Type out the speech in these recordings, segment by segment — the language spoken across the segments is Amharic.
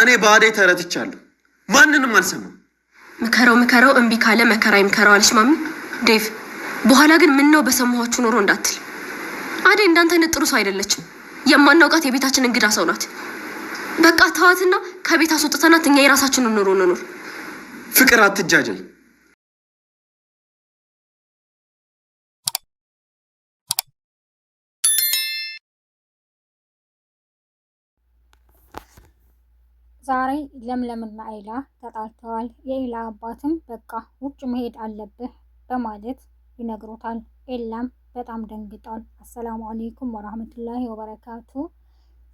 እኔ ባዴ ተረትቻለሁ። ማንንም አልሰማም። ምከረው ምከረው፣ እምቢ ካለ መከራ ይምከረው አለች ማሚ ዴቭ። በኋላ ግን ምን ነው በሰማኋችሁ ኖሮ እንዳትል። አዴ እንዳንተ ንጥሩ ሰው አይደለችም። የማናውቃት የቤታችን እንግዳ ሰው ናት። በቃ ተዋትና ከቤት አስወጥተናት እኛ የራሳችንን ኑሮ እንኖር። ፍቅር አትጃጃይ። ዛሬ ለምለምና ኤላ ተጣልተዋል። የኤላ አባትም በቃ ውጭ መሄድ አለብህ በማለት ይነግሮታል። ኤላም በጣም ደንግጧል። አሰላሙ አሌይኩም ወራህመቱላሂ ወበረካቱ።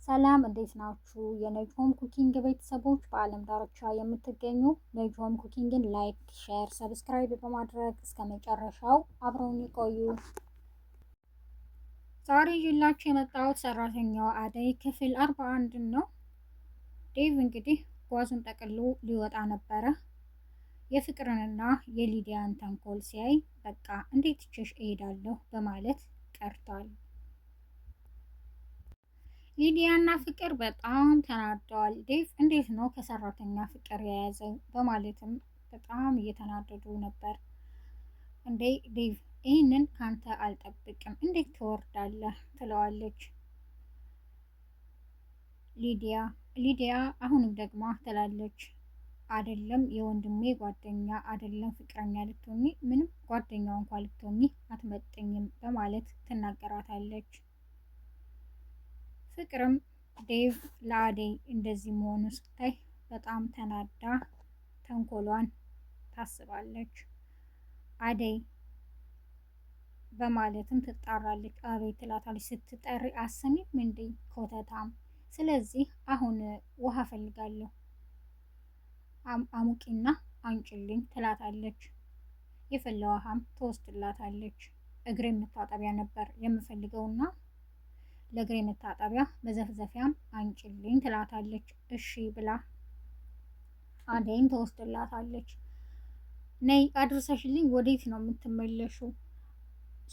ሰላም እንዴት ናችሁ? የነጅሆም ኩኪንግ ቤተሰቦች በአለም ዳርቻ የምትገኙ ነጅሆም ኩኪንግን ላይክ፣ ሼር፣ ሰብስክራይብ በማድረግ እስከ መጨረሻው አብረውን ይቆዩ። ዛሬ ይዤላችሁ የመጣሁት ሰራተኛዋ አደይ ክፍል አርባ አንድን ነው። ዴቭ እንግዲህ ጓዙን ጠቅሎ ሊወጣ ነበረ። የፍቅርንና የሊዲያን ተንኮል ሲያይ በቃ እንዴት ችሽ እሄዳለሁ በማለት ቀርቷል። ሊዲያና ፍቅር በጣም ተናደዋል። ዴቭ እንዴት ነው ከሰራተኛ ፍቅር የያዘው በማለትም በጣም እየተናደዱ ነበር። እንዴ ዴቭ ይህንን ካንተ አልጠብቅም፣ እንዴት ትወርዳለህ? ትለዋለች ሊዲያ ሊዲያ አሁንም ደግሞ ትላለች፣ አደለም የወንድሜ ጓደኛ አደለም ፍቅረኛ ልትሆኚ ምንም ጓደኛ እንኳ ልትሆኚ አትመጠኝም በማለት ትናገራታለች። ፍቅርም ዴቭ ለአደይ እንደዚህ መሆኑ ስታይ በጣም ተናዳ ተንኮሏን ታስባለች። አደይ በማለትም ትጣራለች። አቤት ትላታለች። ስትጠሪ አሰሚም እንዴ ኮተታም ስለዚህ አሁን ውሃ ፈልጋለሁ አሙቂና አንጭልኝ ትላታለች። የፈላ ውሃም ትወስድላታለች። እግሬ መታጠቢያ ነበር የምፈልገውና ለእግሬ መታጠቢያ መዘፍዘፊያም አንጭልኝ ትላታለች። እሺ ብላ አደይን ትወስድላታለች ነይ አድርሰሽልኝ፣ ወዴት ነው የምትመለሹ?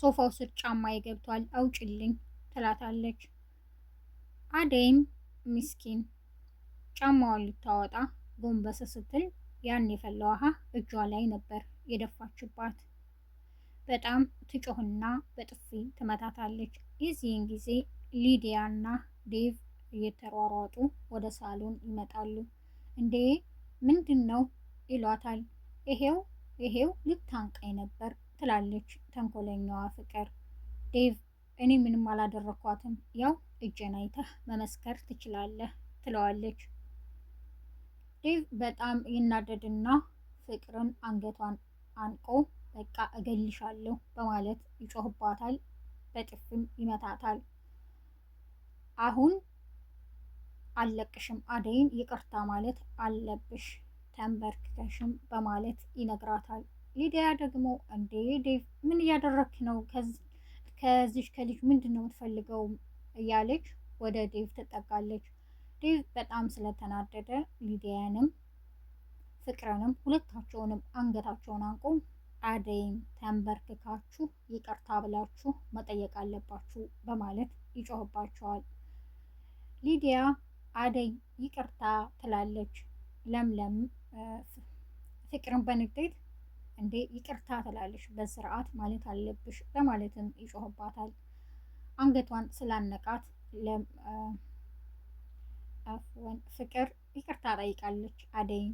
ሶፋው ስር ጫማ ገብቷል፣ አውጭልኝ ትላታለች። አደይም ምስኪን ጫማዋን ልታወጣ ጎንበስ ስትል ያን የፈላ ውሃ እጇ ላይ ነበር የደፋችባት። በጣም ትጮህና በጥፊ ትመታታለች። የዚህን ጊዜ ሊዲያና ዴቭ እየተሯሯጡ ወደ ሳሎን ይመጣሉ። እንዴ ምንድን ነው ይሏታል። ይሄው ይሄው ልታንቃይ ነበር ትላለች ተንኮለኛዋ ፍቅር። ዴቭ እኔ ምንም አላደረኳትም፣ ያው እጄን አይተህ መመስከር ትችላለህ ትለዋለች። ዴቭ በጣም ይናደድና ፍቅርን አንገቷን አንቆ በቃ እገልሻለሁ በማለት ይጮህባታል፣ በጥፍም ይመታታል። አሁን አልለቅሽም፣ አደይን ይቅርታ ማለት አለብሽ ተንበርክከሽም በማለት ይነግራታል። ሊዲያ ደግሞ እንዴ ዴቭ ምን እያደረክ ነው? ከዚህ ከዚች ከልጅ ምንድን ነው የምትፈልገው እያለች ወደ ዴቭ ትጠጋለች። ዴቭ በጣም ስለተናደደ ሊዲያንም ፍቅርንም ሁለታቸውንም አንገታቸውን አንቆ አደይም ተንበርክካችሁ ይቅርታ ብላችሁ መጠየቅ አለባችሁ በማለት ይጮህባቸዋል። ሊዲያ አደይ ይቅርታ ትላለች። ለምለም ፍቅርን በንዴት እንዴ ይቅርታ ትላለሽ፣ በስርዓት ማለት አለብሽ በማለትም ይጮህባታል። አንገቷን ስላነቃት ለአፍወን ፍቅር ይቅርታ ጠይቃለች አደይን።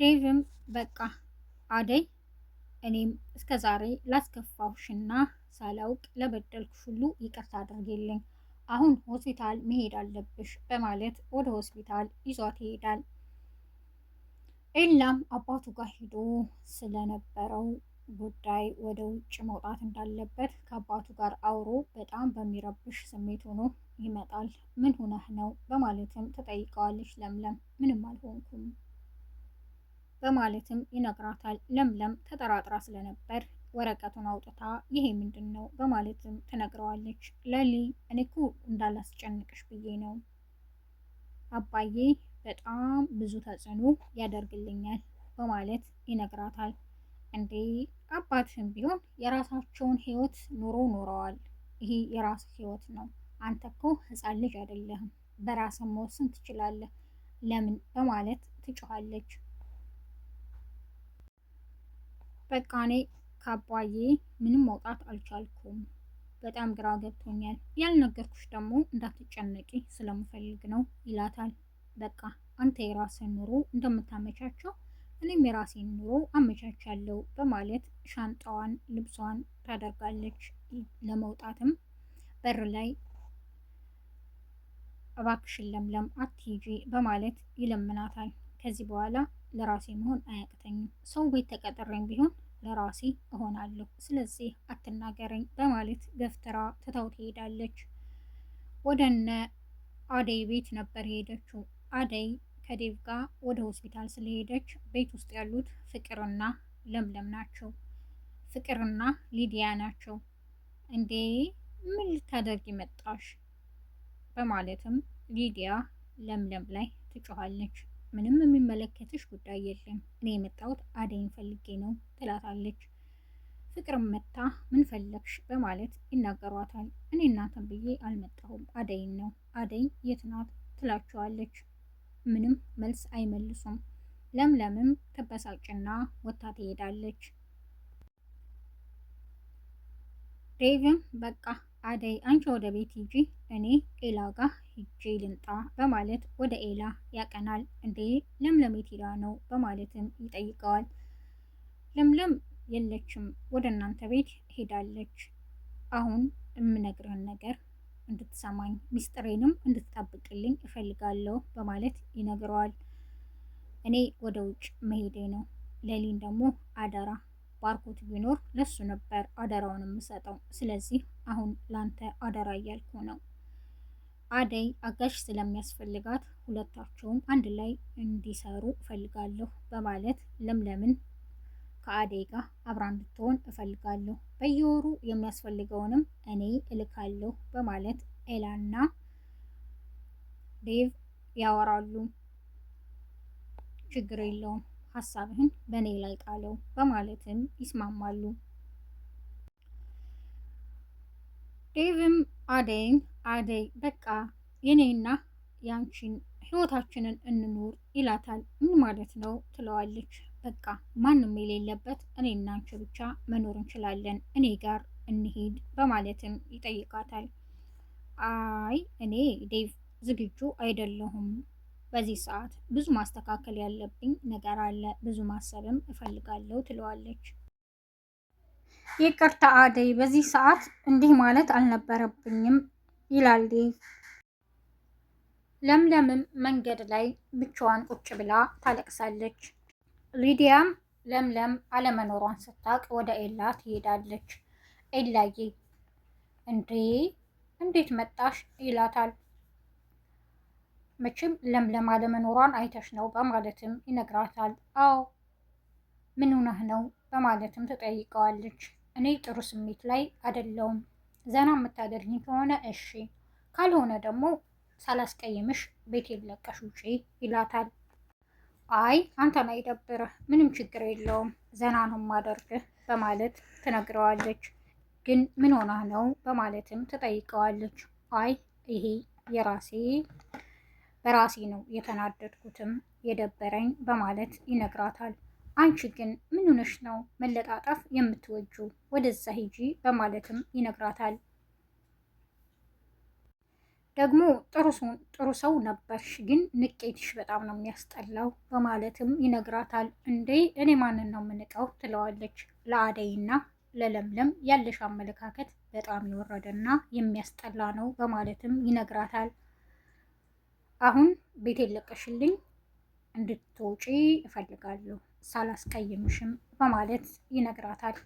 ዴቭም በቃ አደይ እኔም እስከ ዛሬ ላስከፋሁሽና ሳላውቅ ለበደልኩሽ ሁሉ ይቅርታ አድርጌልኝ፣ አሁን ሆስፒታል መሄድ አለብሽ በማለት ወደ ሆስፒታል ይዟት ይሄዳል። ኤላም አባቱ ጋር ሄዶ ስለነበረው ጉዳይ ወደ ውጭ መውጣት እንዳለበት ከአባቱ ጋር አውሮ በጣም በሚረብሽ ስሜት ሆኖ ይመጣል። ምን ሆነህ ነው በማለትም ተጠይቀዋለች ለምለም። ምንም አልሆንኩም በማለትም ይነግራታል። ለምለም ተጠራጥራ ስለነበር ወረቀቱን አውጥታ ይሄ ምንድን ነው በማለትም ትነግረዋለች። ለሊ እኔ እኮ እንዳላስጨንቅሽ ብዬ ነው አባዬ በጣም ብዙ ተጽዕኖ ያደርግልኛል በማለት ይነግራታል። እንዴ አባትም ቢሆን የራሳቸውን ህይወት ኑሮ ኖረዋል። ይሄ የራስ ህይወት ነው። አንተ እኮ ህፃን ልጅ አይደለህም፣ በራስ መወሰን ትችላለህ። ለምን በማለት ትጮኋለች። በቃ እኔ ከአባዬ ምንም መውጣት አልቻልኩም። በጣም ግራ ገብቶኛል። ያልነገርኩሽ ደግሞ እንዳትጨነቂ ስለምፈልግ ነው ይላታል። በቃ አንተ የራስን ኑሮ እንደምታመቻቸው እኔም የራሴን ኑሮ አመቻቻለሁ በማለት ሻንጣዋን፣ ልብሷን ታደርጋለች። ለመውጣትም በር ላይ እባክሽን ለምለም አትሂጂ በማለት ይለምናታል። ከዚህ በኋላ ለራሴ መሆን አያቅተኝም፣ ሰው ቤት ተቀጥሬም ቢሆን ለራሴ እሆናለሁ፣ ስለዚህ አትናገረኝ በማለት ገፍትራ ትታው ትሄዳለች። ወደነ አደይ ቤት ነበር የሄደችው። አደይ ከዴቭ ጋር ወደ ሆስፒታል ስለሄደች ቤት ውስጥ ያሉት ፍቅርና ለምለም ናቸው። ፍቅርና ሊዲያ ናቸው። እንዴ ምን ልታደርጊ መጣሽ? በማለትም ሊዲያ ለምለም ላይ ትጮኋለች። ምንም የሚመለከትሽ ጉዳይ የለም፣ እኔ የመጣሁት አደይን ፈልጌ ነው ትላታለች። ፍቅርም መታ ምን ፈለግሽ በማለት ይናገሯታል። እኔ እናንተን ብዬ አልመጣሁም አደይን ነው። አደይ የት ናት ትላቸዋለች። ምንም መልስ አይመልሱም። ለምለምም ትበሳጭና ወታ ትሄዳለች። ዴቭም በቃ አደይ አንቺ ወደ ቤት ሂጂ፣ እኔ ኤላ ጋር ሂጄ ልምጣ በማለት ወደ ኤላ ያቀናል። እንዴ ለምለም የት ሄዳ ነው በማለትም ይጠይቀዋል። ለምለም የለችም፣ ወደ እናንተ ቤት ሄዳለች። አሁን የምነግርህን ነገር እንድትሰማኝ ሚስጥሬንም እንድትጠብቅልኝ እፈልጋለሁ በማለት ይነግረዋል። እኔ ወደ ውጭ መሄዴ ነው። ሌሊን ደግሞ አደራ ባርኮት ቢኖር ለሱ ነበር አደራውን የምሰጠው። ስለዚህ አሁን ላንተ አደራ እያልኩ ነው። አደይ አጋሽ ስለሚያስፈልጋት ሁለታቸውም አንድ ላይ እንዲሰሩ እፈልጋለሁ በማለት ለምለምን ከአደይ ጋር አብራ እንድትሆን እፈልጋለሁ። በየወሩ የሚያስፈልገውንም እኔ እልካለሁ በማለት ኤላና ዴቭ ያወራሉ። ችግር የለውም ሀሳብህን በእኔ ላይ ጣለው በማለትም ይስማማሉ። ዴቭም አደይን አደይ በቃ የኔና ያንቺን ህይወታችንን እንኑር ይላታል። ምን ማለት ነው ትለዋለች። በቃ ማንም የሌለበት እኔና አንቺ ብቻ መኖር እንችላለን፣ እኔ ጋር እንሂድ በማለትም ይጠይቃታል። አይ እኔ ዴቭ ዝግጁ አይደለሁም በዚህ ሰዓት ብዙ ማስተካከል ያለብኝ ነገር አለ፣ ብዙ ማሰብም እፈልጋለሁ ትለዋለች። ይቅርታ አደይ፣ በዚህ ሰዓት እንዲህ ማለት አልነበረብኝም ይላል ዴቭ። ለምለምም መንገድ ላይ ብቻዋን ቁጭ ብላ ታለቅሳለች። ሊዲያም ለምለም አለመኖሯን ስታውቅ ወደ ኤላ ትሄዳለች። ኤላዬ እንዴ እንዴት መጣሽ ይላታል። መቼም ለምለም አለመኖሯን አይተሽ ነው በማለትም ይነግራታል። አዎ ምን ሆነህ ነው በማለትም ትጠይቀዋለች። እኔ ጥሩ ስሜት ላይ አይደለውም። ዘና የምታደርጊኝ ከሆነ እሺ፣ ካልሆነ ደግሞ ሳላስቀይምሽ ቤት የለቀሽ ውጪ ይላታል። አይ አንተን አይደብርህ፣ ምንም ችግር የለውም፣ ዘና ነው ማደርግህ በማለት ትነግረዋለች። ግን ምን ሆና ነው በማለትም ትጠይቀዋለች። አይ ይሄ የራሴ በራሴ ነው የተናደድኩትም የደበረኝ በማለት ይነግራታል። አንቺ ግን ምን ሆነሽ ነው መለጣጠፍ የምትወጁ? ወደዛ ሂጂ በማለትም ይነግራታል። ደግሞ ጥሩ ሰው ነበርሽ፣ ግን ንቄትሽ በጣም ነው የሚያስጠላው በማለትም ይነግራታል። እንዴ እኔ ማንን ነው የምንቀው? ትለዋለች። ለአደይና ለለምለም ያለሽ አመለካከት በጣም የወረደና የሚያስጠላ ነው በማለትም ይነግራታል። አሁን ቤት የለቀሽልኝ እንድትወጪ እፈልጋለሁ ሳላስቀይምሽም በማለት ይነግራታል።